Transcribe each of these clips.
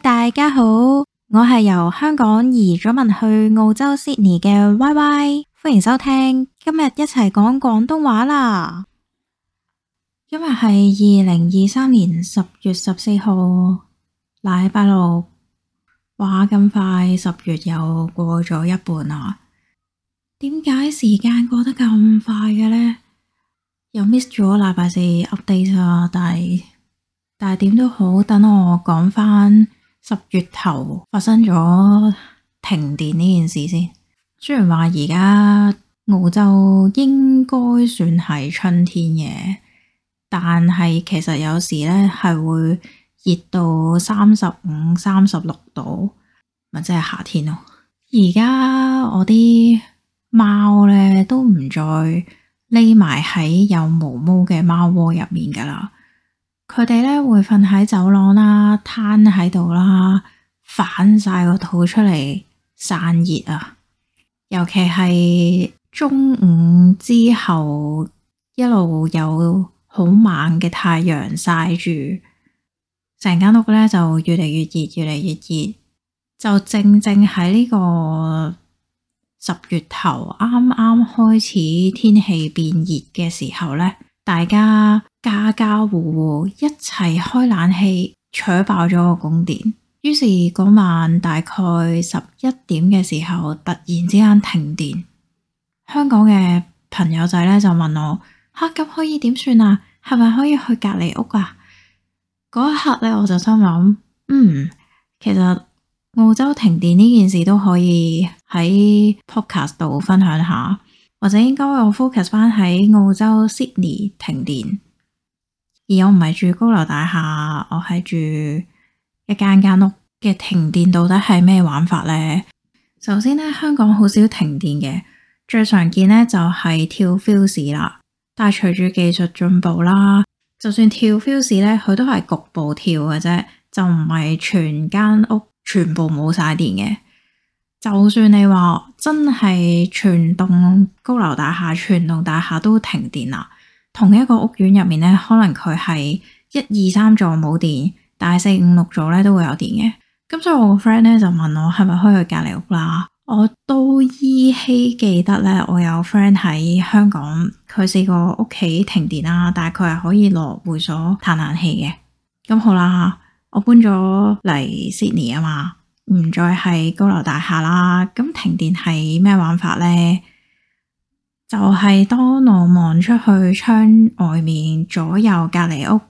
大家好，我係由香港移咗民去澳洲悉尼嘅 Y Y，歡迎收聽今日一齊講廣東話啦。今日係二零二三年十月十四號，禮拜六。哇，咁快，十月又過咗一半啦。點解時間過得咁快嘅呢？又 miss 咗禮拜四 update 啊，但係但係點都好，等我講返。十月頭發生咗停電呢件事先，雖然話而家澳洲應該算係春天嘅，但係其實有時呢係會熱到三十五、三十六度，咪即係夏天咯。而家我啲貓呢都唔再匿埋喺有毛毛嘅貓窩入面噶啦。佢哋咧會瞓喺走廊啦，攤喺度啦，反晒個肚出嚟散熱啊！尤其係中午之後，一路有好猛嘅太陽曬住，成間屋咧就越嚟越熱，越嚟越熱。就正正喺呢個十月頭啱啱開始天氣變熱嘅時候咧，大家。家家戶戶一齊開冷氣，扯爆咗個供電。於是嗰晚大概十一點嘅時候，突然之間停電。香港嘅朋友仔咧就問我：吓、啊、咁可以點算啊？係咪可以去隔離屋啊？嗰一刻咧，我就心諗，嗯，其實澳洲停電呢件事都可以喺 podcast 度分享下，或者應該我 focus 翻喺澳洲 Sydney 停電。而我唔係住高樓大廈，我係住一間間屋嘅停電到底係咩玩法呢？首先咧，香港好少停電嘅，最常見咧就係跳 fuse 啦。但係隨住技術進步啦，就算跳 fuse 咧，佢都係局部跳嘅啫，就唔係全間屋全部冇晒電嘅。就算你話真係全棟高樓大廈，全棟大廈都停電啦。同一個屋苑入面咧，可能佢係一二三座冇電，但係四五六座咧都會有電嘅。咁所以我個 friend 咧就問我係咪可以去隔籬屋啦。我都依稀記得咧，我有 friend 喺香港，佢四個屋企停電啦，但係佢係可以落會所嘆冷氣嘅。咁好啦，我搬咗嚟 Sydney 啊嘛，唔再係高樓大廈啦。咁停電係咩玩法咧？就係當我望出去窗外面，左右隔籬屋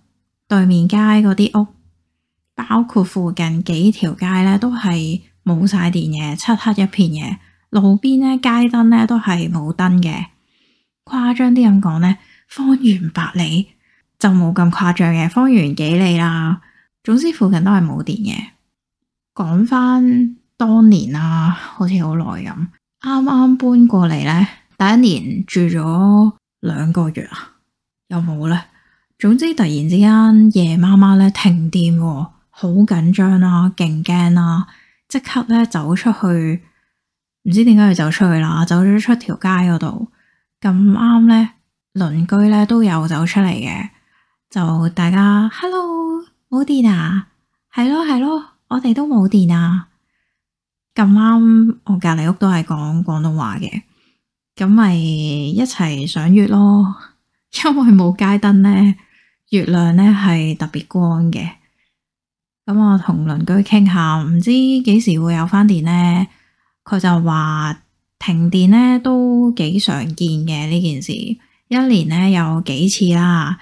對面街嗰啲屋，包括附近幾條街咧，都係冇晒電嘅，漆黑一片嘅。路邊咧，街燈咧都係冇燈嘅。誇張啲咁講呢，方圓百里就冇咁誇張嘅，方圓幾里啦。總之附近都係冇電嘅。講翻當年啦，好似好耐咁，啱啱搬過嚟呢。第一年住咗兩個月啊，又有冇咧？總之突然之間夜媽媽咧停電，哦，好緊張啊，勁驚啦，即刻咧走出去，唔知點解要走出去啦？走咗出條街嗰度，咁啱咧鄰居咧都有走出嚟嘅，就大家 Hello 冇電啊，係咯係咯，咯，我哋都冇電啊！咁啱我隔籬屋都係講廣東話嘅。咁咪一齊賞月咯，因為冇街燈咧，月亮咧係特別光嘅。咁我同鄰居傾下，唔知幾時會有返電咧。佢就話停電咧都幾常見嘅呢件事，一年咧有幾次啦。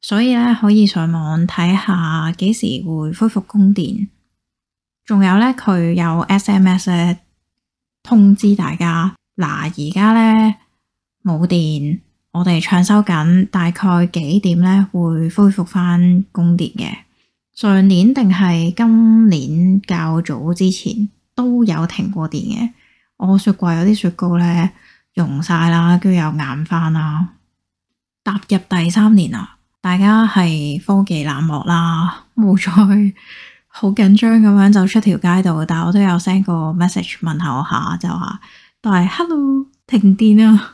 所以咧可以上網睇下幾時會恢復供電，仲有咧佢有 SMS 咧通知大家。嗱，而家咧冇電，我哋搶修緊，大概幾點咧會恢復翻供電嘅？上年定係今年較早之前都有停過電嘅。我雪櫃有啲雪糕咧融晒啦，跟住又硬翻啦。踏入第三年啦，大家係科技冷漠啦，冇再好緊張咁樣走出條街度。但我都有 send 個 message 問候下，就話。都係 hello，停電啊！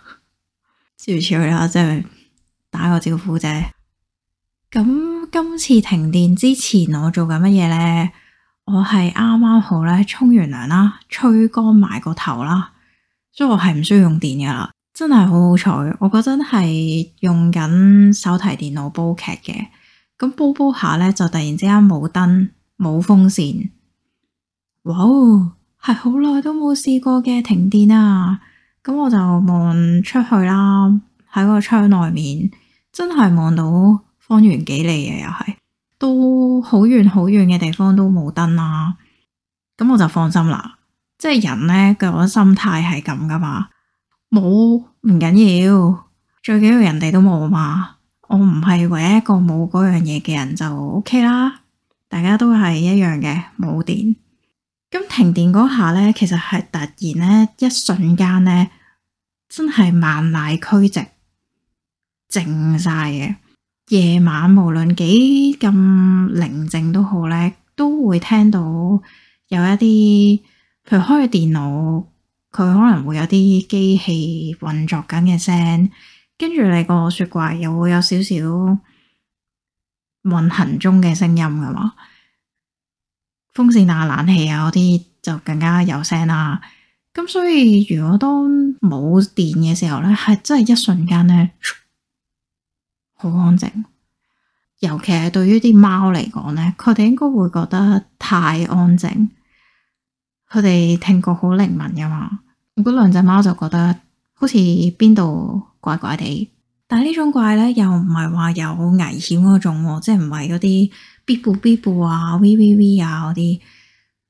笑死我啦，真係打個招呼啫。仔。咁今次停電之前我做緊乜嘢咧？我係啱啱好咧沖完涼啦，吹乾埋個頭啦，所以我係唔需要用電噶啦。真係好好彩！我嗰陣係用緊手提電腦煲劇嘅，咁煲煲下咧就突然之間冇燈冇風扇，哇！係好耐都冇試過嘅停電啊！咁我就望出去啦，喺個窗外面，真係望到方圓幾里嘅又係，都好遠好遠嘅地方都冇燈啦。咁我就放心啦，即係人呢，佢嘅心態係咁噶嘛，冇唔緊要，最緊要人哋都冇嘛。我唔係唯一一個冇嗰樣嘢嘅人就 OK 啦，大家都係一樣嘅冇電。咁停電嗰下咧，其實係突然咧，一瞬間咧，真係萬籟俱寂，靜晒嘅。夜晚無論幾咁寧靜都好咧，都會聽到有一啲，譬如開電腦，佢可能會有啲機器運作緊嘅聲，跟住你個雪櫃又會有少少運行中嘅聲音㗎嘛。風扇啊、冷氣啊嗰啲就更加有聲啦。咁所以如果當冇電嘅時候咧，係真係一瞬間咧，好安靜。尤其係對於啲貓嚟講咧，佢哋應該會覺得太安靜。佢哋聽覺好靈敏噶嘛。我嗰兩隻貓就覺得好似邊度怪怪地。但係呢種怪咧，又唔係話有危險嗰種啊，即係唔係嗰啲。bi 部 bi 部啊，v v v 啊嗰啲，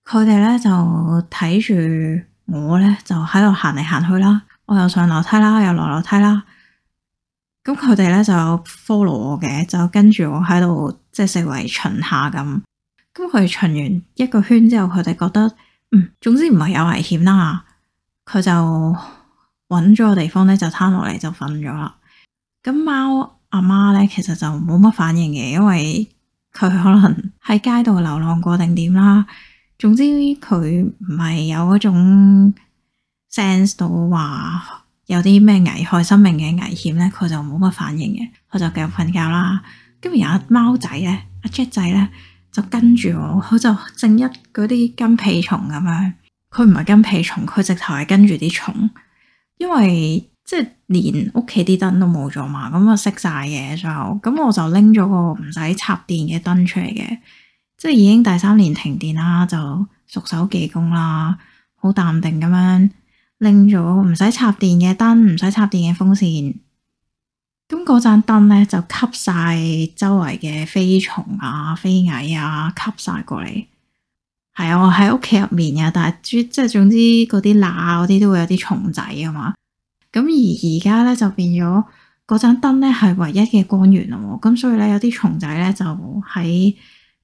佢哋咧就睇住我咧，就喺度行嚟行去啦。我又上樓梯啦，又落樓梯啦。咁佢哋咧就 follow 我嘅，就跟住我喺度即係四圍巡下咁。咁佢巡完一個圈之後，佢哋覺得嗯，總之唔係有危險啦。佢就揾咗個地方咧，就攤落嚟就瞓咗啦。咁貓阿媽咧其實就冇乜反應嘅，因為。佢可能喺街度流浪過定點啦，總之佢唔係有嗰種 sense 到話有啲咩危害生命嘅危險咧，佢就冇乜反應嘅，佢就繼續瞓覺啦。跟住有貓仔咧，阿、啊、Jet 仔咧就跟住我，佢就正一嗰啲跟屁蟲咁樣，佢唔係跟屁蟲，佢直頭係跟住啲蟲，因為。即係連屋企啲燈都冇咗嘛，咁啊熄晒嘅最後，咁我就拎咗個唔使插電嘅燈出嚟嘅，即係已經第三年停電啦，就熟手技工啦，好淡定咁樣拎咗唔使插電嘅燈，唔使插電嘅風扇，咁嗰盞燈咧就吸晒周圍嘅飛蟲啊、飛蟻啊，吸晒過嚟。係啊，我喺屋企入面啊，但係即係總之嗰啲罅嗰啲都會有啲蟲仔啊嘛。咁而而家咧就變咗嗰盞燈咧係唯一嘅光源咯，咁所以咧有啲蟲仔咧就喺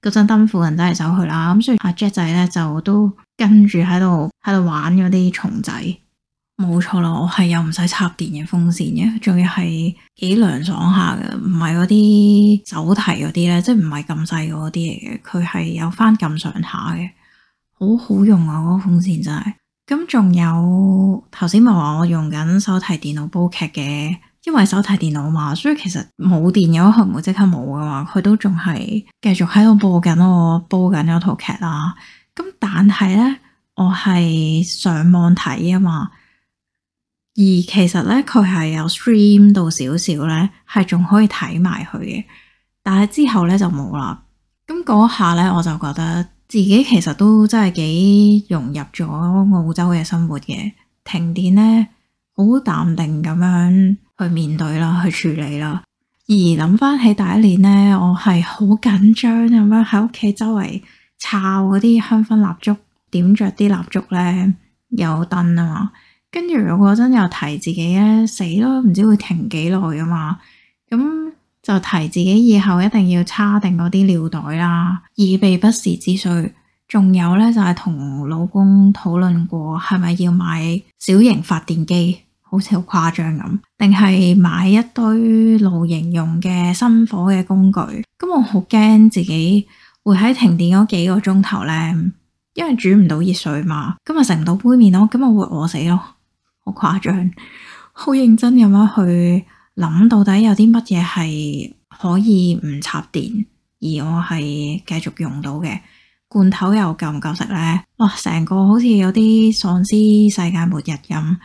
嗰盞燈附近走嚟走去啦，咁所以阿 Jack 仔咧就都跟住喺度喺度玩嗰啲蟲仔，冇錯啦，我係有唔使插電嘅風扇嘅，仲要係幾涼爽下嘅，唔係嗰啲手提嗰啲咧，即係唔係咁細嗰啲嚟嘅，佢係有翻咁上下嘅，好好用啊！嗰個風扇真係～咁仲有頭先咪話我用緊手提電腦煲劇嘅，因為手提電腦嘛，所以其實冇電嘅話佢唔會即刻冇噶嘛，佢都仲係繼續喺度播緊我煲緊嗰套劇啦。咁但係咧，我係上網睇啊嘛，而其實咧佢係有 stream 到少少咧，係仲可以睇埋佢嘅，但係之後咧就冇啦。咁嗰下咧，我就覺得。自己其實都真係幾融入咗澳洲嘅生活嘅。停電呢，好淡定咁樣去面對啦，去處理啦。而諗翻起第一年呢，我係好緊張咁樣喺屋企周圍抄嗰啲香薰蠟燭。點着啲蠟燭呢，有燈啊嘛。跟住我嗰陣又提自己咧，死都唔知會停幾耐啊嘛。咁就提自己以後一定要叉定嗰啲尿袋啦，以備不時之需。仲有呢，就係同老公討論過，係咪要買小型發電機，好似好誇張咁，定係買一堆露營用嘅生火嘅工具。咁我好驚自己會喺停電嗰幾個鐘頭呢，因為煮唔到熱水嘛，咁咪食唔到杯麵咯，咁咪會餓死咯，好誇張，好認真咁樣去。諗到底有啲乜嘢係可以唔插電，而我係繼續用到嘅，罐頭又夠唔夠食呢？哇！成個好似有啲喪屍世界末日咁，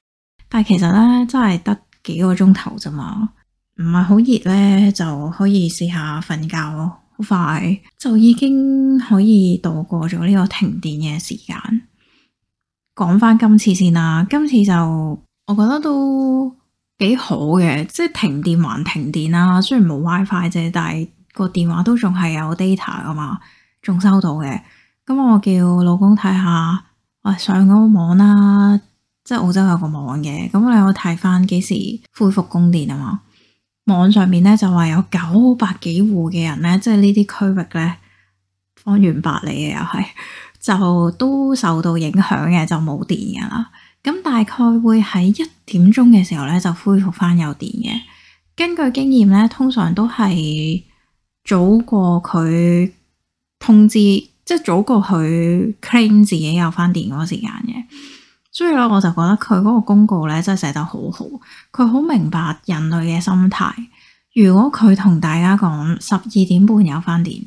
但係其實呢，真係得幾個鐘頭咋嘛，唔係好熱呢，就可以試下瞓覺咯，好快就已經可以度過咗呢個停電嘅時間。講翻今次先啦，今次就我覺得都。幾好嘅，即係停電還停電啦。雖然冇 WiFi 啫，Fi，但係個電話都仲係有 data 噶嘛，仲收到嘅。咁我叫老公睇下，喂、哎、上個網啦，即係澳洲有個網嘅。咁你可以睇翻幾時恢復供電啊？嘛，網上面咧就話有九百幾戶嘅人咧，即係呢啲區域咧，方圓百里嘅又係，就都受到影響嘅，就冇電噶啦。咁大概會喺一點鐘嘅時候咧，就恢復翻有電嘅。根據經驗咧，通常都係早過佢通知，即係早過佢 claim 自己有翻電嗰個時間嘅。所以咧，我就覺得佢嗰個公告咧，真係寫得好好，佢好明白人類嘅心態。如果佢同大家講十二點半有翻電，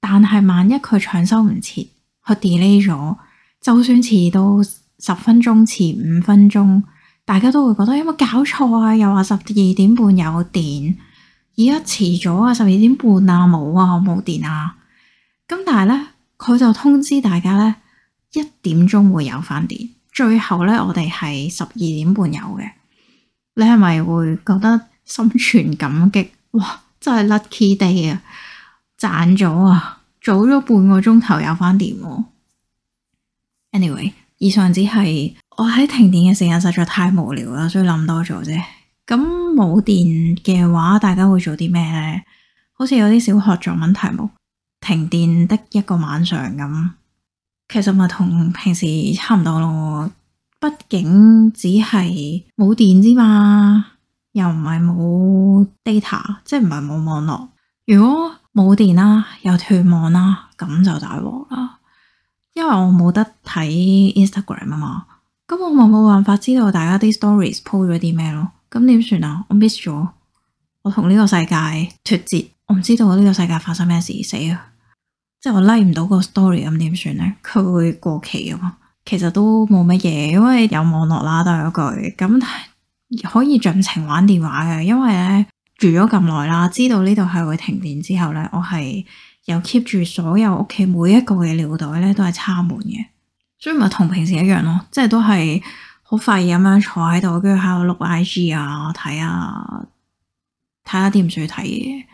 但係萬一佢搶修唔切，佢 delay 咗，就算遲到。十分鐘前五分鐘，大家都會覺得有冇搞錯啊？又話十二點半有電，而家遲咗啊！十二點半啊，冇啊，冇電啊！咁但係咧，佢就通知大家咧，一點鐘會有翻電。最後咧，我哋係十二點半有嘅。你係咪會覺得心存感激？哇，真係 lucky day 啊！賺咗啊，早咗半個鐘頭有翻電，啊。Anyway。以上只係我喺停電嘅時候實在太無聊啦，所以諗多咗啫。咁冇電嘅話，大家會做啲咩呢？好似有啲小學作文題目，停電的一個晚上咁。其實咪同平時差唔多咯，畢竟只係冇電之嘛，又唔係冇 data，即係唔係冇網絡。如果冇電啦，又斷網啦，咁就大鑊啦。因為我冇得睇 Instagram 啊嘛，咁我冇冇辦法知道大家啲 stories po 咗啲咩咯？咁點算啊？我 miss 咗，我同呢個世界脫節，我唔知道呢個世界發生咩事死啊！即係我 like 唔到個 story 咁點算呢？佢會過期嘛。其實都冇乜嘢，因為有網絡啦，都係嗰句咁可以盡情玩電話嘅。因為咧住咗咁耐啦，知道呢度係會停電之後呢，我係。又 keep 住所有屋企每一個嘅尿袋咧都係插滿嘅，所以咪同平時一樣咯，即係都係好快咁樣坐喺度，跟住喺度碌 IG 啊，睇啊，睇下啲唔需要睇嘅嘢。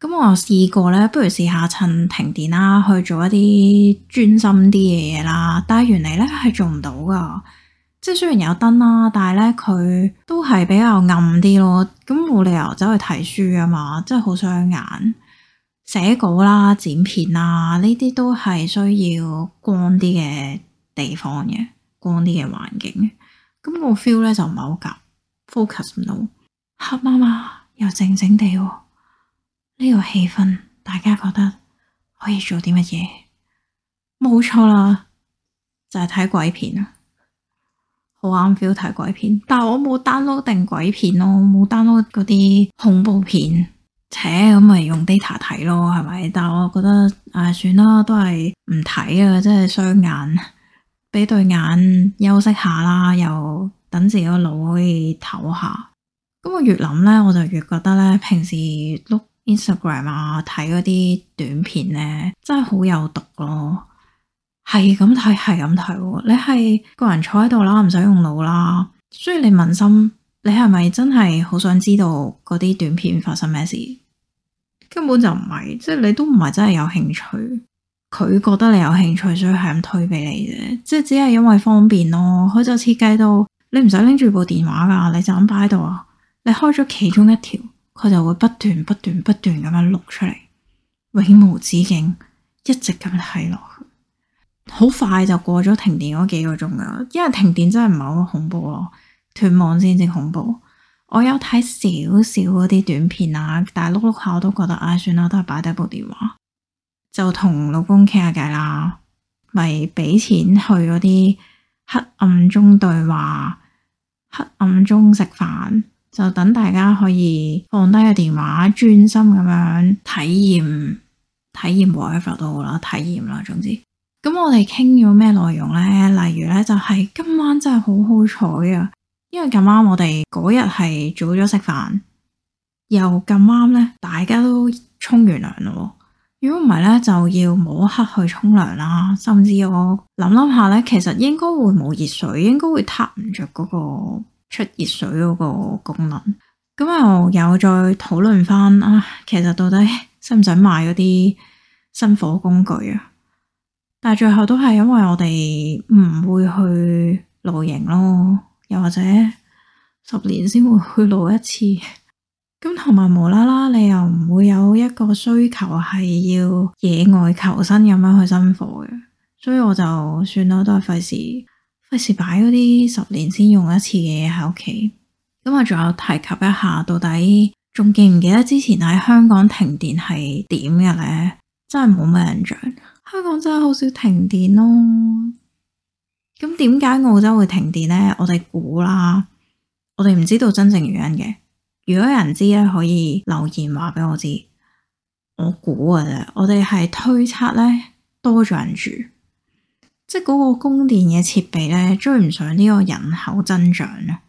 咁我又試過咧，不如試下趁停電啦，去做一啲專心啲嘅嘢啦。但係原嚟咧係做唔到噶，即係雖然有燈啦、啊，但係咧佢都係比較暗啲咯。咁冇理由走去睇書啊嘛，真係好傷眼。寫稿啦、啊、剪片啦、啊，呢啲都係需要光啲嘅地方嘅，光啲嘅環境。咁我 feel 咧就唔係好夾，focus 唔到，黑媽媽又靜靜地、啊、呢、這個氣氛大家覺得可以做啲乜嘢？冇錯啦，就係、是、睇鬼片啦，好啱 feel 睇鬼片。但係我冇 download 定鬼片咯，冇 download 嗰啲恐怖片。扯，咁咪用 data 睇咯，係咪？但我覺得唉、啊，算啦，都係唔睇啊，真係雙眼俾對 眼休息下啦，又等自己個腦可以唞下。咁我越諗呢，我就越覺得呢，平時碌 Instagram 啊，睇嗰啲短片呢，真係好有毒咯。係咁睇，係咁睇，你係個人坐喺度啦，唔使用腦啦，所以你問心。你係咪真係好想知道嗰啲短片發生咩事？根本就唔係，即係你都唔係真係有興趣。佢覺得你有興趣，所以係咁推俾你啫。即係只係因為方便咯。佢就設計到你唔使拎住部電話噶，你就咁擺喺度啊。你開咗其中一條，佢就會不斷、不斷、不斷咁樣錄出嚟，永無止境，一直咁睇落去。好快就過咗停電嗰幾個鐘噶，因為停電真係唔係好恐怖咯。斷網先至恐怖，我有睇少少嗰啲短片啊，但係碌碌下我都覺得啊，算啦，都係擺低部電話，就同老公傾下偈啦，咪俾錢去嗰啲黑暗中對話、黑暗中食飯，就等大家可以放低個電話，專心咁樣體驗體驗 whatever 都好啦，體驗啦，總之，咁我哋傾咗咩內容呢？例如呢，就係今晚真係好好彩啊！因為咁啱我哋嗰日係早咗食飯，又咁啱咧，大家都沖完涼咯。如果唔係咧，就要摸黑去沖涼啦。甚至我諗諗下咧，其實應該會冇熱水，應該會撻唔着嗰個出熱水嗰個功能。咁啊，我又再討論翻啊，其實到底使唔使買嗰啲生火工具啊？但係最後都係因為我哋唔會去露營咯。又或者十年先會去攞一次，咁同埋無啦啦，你又唔會有一個需求係要野外求生咁樣去生火嘅，所以我就算啦，都係費事費事擺嗰啲十年先用一次嘅嘢喺屋企。咁啊，仲有提及一下，到底仲記唔記得之前喺香港停電係點嘅咧？真係冇咩印象。香港真係好少停電咯。咁點解澳洲會停電呢？我哋估啦，我哋唔知道真正原因嘅。如果有人知咧，可以留言話俾我知。我估啊，啫，我哋係推測呢，多咗人住，即係嗰個供電嘅設備呢，追唔上呢個人口增長啦。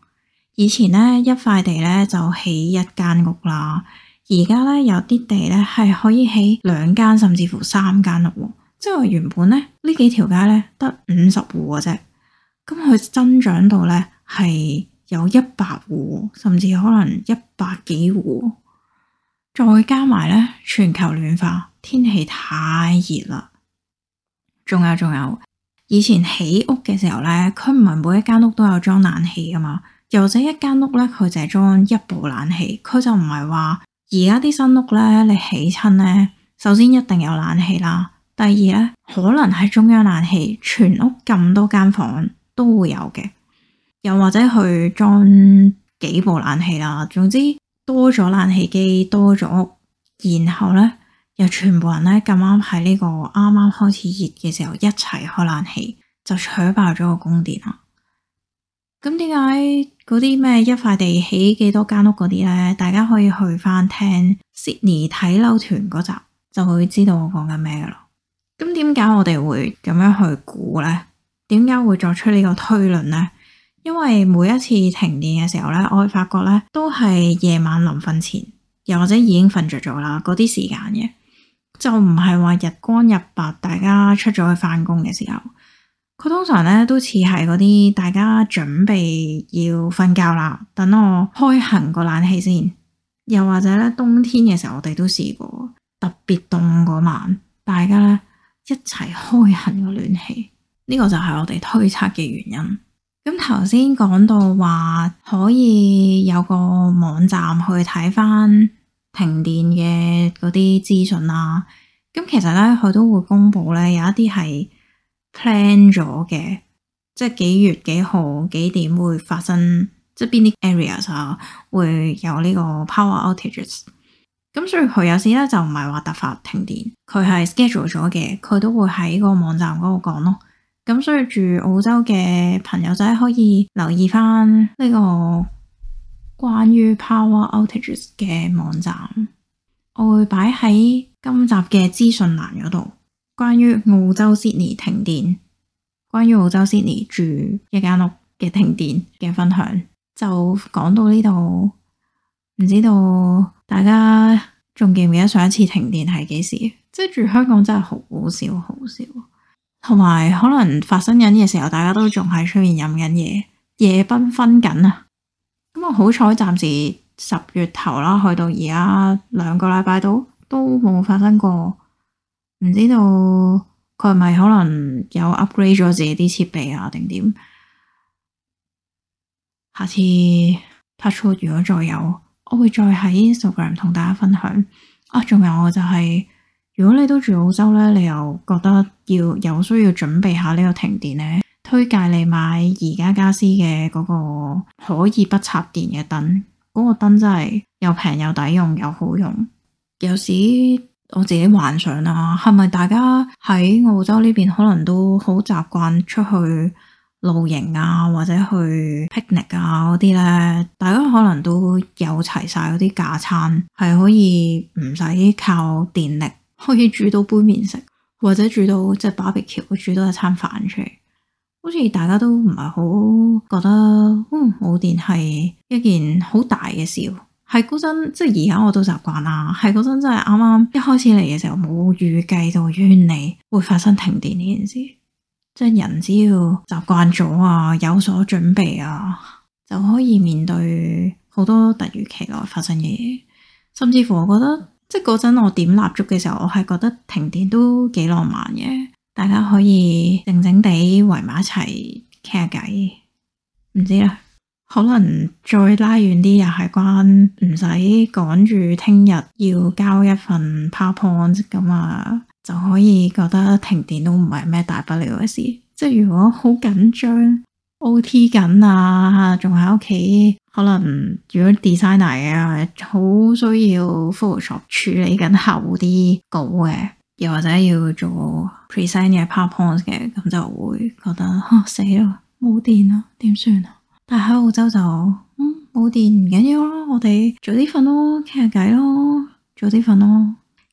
以前呢，一塊地呢就起一間屋啦，而家呢，有啲地呢係可以起兩間甚至乎三間屋。即係原本咧，呢幾條街咧得五十戶嘅啫，咁佢增長到咧係有一百戶，甚至可能一百幾戶。再加埋咧，全球暖化，天氣太熱啦。仲有仲有，以前起屋嘅時候咧，佢唔係每一間屋都有裝冷氣噶嘛，又或者一間屋咧佢淨係裝一部冷氣，佢就唔係話而家啲新屋咧你起親咧，首先一定有冷氣啦。第二咧，可能喺中央冷氣，全屋咁多間房都會有嘅，又或者去裝幾部冷氣啦。總之多咗冷氣機，多咗屋，然後咧又全部人咧咁啱喺呢個啱啱開始熱嘅時候一齊開冷氣，就扯爆咗個供電啦。咁點解嗰啲咩一塊地起幾多間屋嗰啲咧？大家可以去翻聽 Sydney 睇樓團嗰集，就會知道我講緊咩噶啦。咁點解我哋會咁樣去估呢？點解會作出呢個推論呢？因為每一次停電嘅時候呢，我會發覺呢都係夜晚臨瞓前，又或者已經瞓着咗啦嗰啲時間嘅，就唔係話日光日白，大家出咗去翻工嘅時候，佢通常呢都似係嗰啲大家準備要瞓覺啦，等我開行個冷氣先，又或者呢冬天嘅時候，我哋都試過特別凍嗰晚，大家呢。一齊開人個暖氣，呢、這個就係我哋推測嘅原因。咁頭先講到話可以有個網站去睇返停電嘅嗰啲資訊啦、啊。咁其實呢，佢都會公布呢有一啲係 plan 咗嘅，即係幾月幾號幾點會發生，即係邊啲 areas 啊會有呢個 power outages。咁所以佢有時咧就唔係話突發停電，佢係 schedule 咗嘅，佢都會喺個網站嗰度講咯。咁所以住澳洲嘅朋友仔可以留意翻呢個關於 power outages 嘅網站，我會擺喺今集嘅資訊欄嗰度。關於澳洲 Sydney 停電，關於澳洲 Sydney 住一間屋嘅停電嘅分享，就講到呢度。唔知道大家仲記唔記得上一次停電係幾時？即係住香港真係好少好少，同埋可能發生緊嘅時候，大家都仲喺出面飲緊嘢，夜繽紛緊啊！咁、嗯、我好彩，暫時十月頭啦，去到而家兩個禮拜度都冇發生過。唔知道佢係咪可能有 upgrade 咗自己啲設備啊？定點？下次 touch 如果再有，我會再喺 Instagram 同大家分享啊！仲有我就係，如果你都住澳洲呢，你又覺得要有需要準備下呢個停電呢，推介你買宜家家私嘅嗰個可以不插電嘅燈，嗰個燈真係又平又抵用又好用。有時我自己幻想啊，係咪大家喺澳洲呢邊可能都好習慣出去？露營啊，或者去 picnic 啊嗰啲，咧，大家可能都有齊晒嗰啲架撐，係可以唔使靠電力，可以煮到杯麵食，或者煮到即係 barbecue 煮到一餐飯出嚟。好似大家都唔係好覺得，嗯，冇電係一件好大嘅事。係嗰陣即係而家我都習慣啦。係嗰陣真係啱啱一開始嚟嘅時候，冇預計到原來會發生停電呢件事。即人只要習慣咗啊，有所準備啊，就可以面對好多突如其來發生嘅嘢。甚至乎我覺得，即係嗰陣我點蠟燭嘅時候，我係覺得停電都幾浪漫嘅，大家可以靜靜地圍埋一齊傾下偈。唔知啦，可能再拉遠啲，又係關唔使趕住聽日要交一份 PowerPoint 咁啊。就可以覺得停電都唔係咩大不了嘅事。即係如果好緊張，OT 緊啊，仲喺屋企，可能如果 designer 啊，好需要 Photoshop 處理緊客戶啲稿嘅，又或者要做 present 嘅 powerpoint 嘅，咁就會覺得嚇死咯，冇、啊、電咯，點算啊？但喺澳洲就嗯冇電唔緊要咯，我哋早啲瞓咯，傾下偈咯，早啲瞓咯。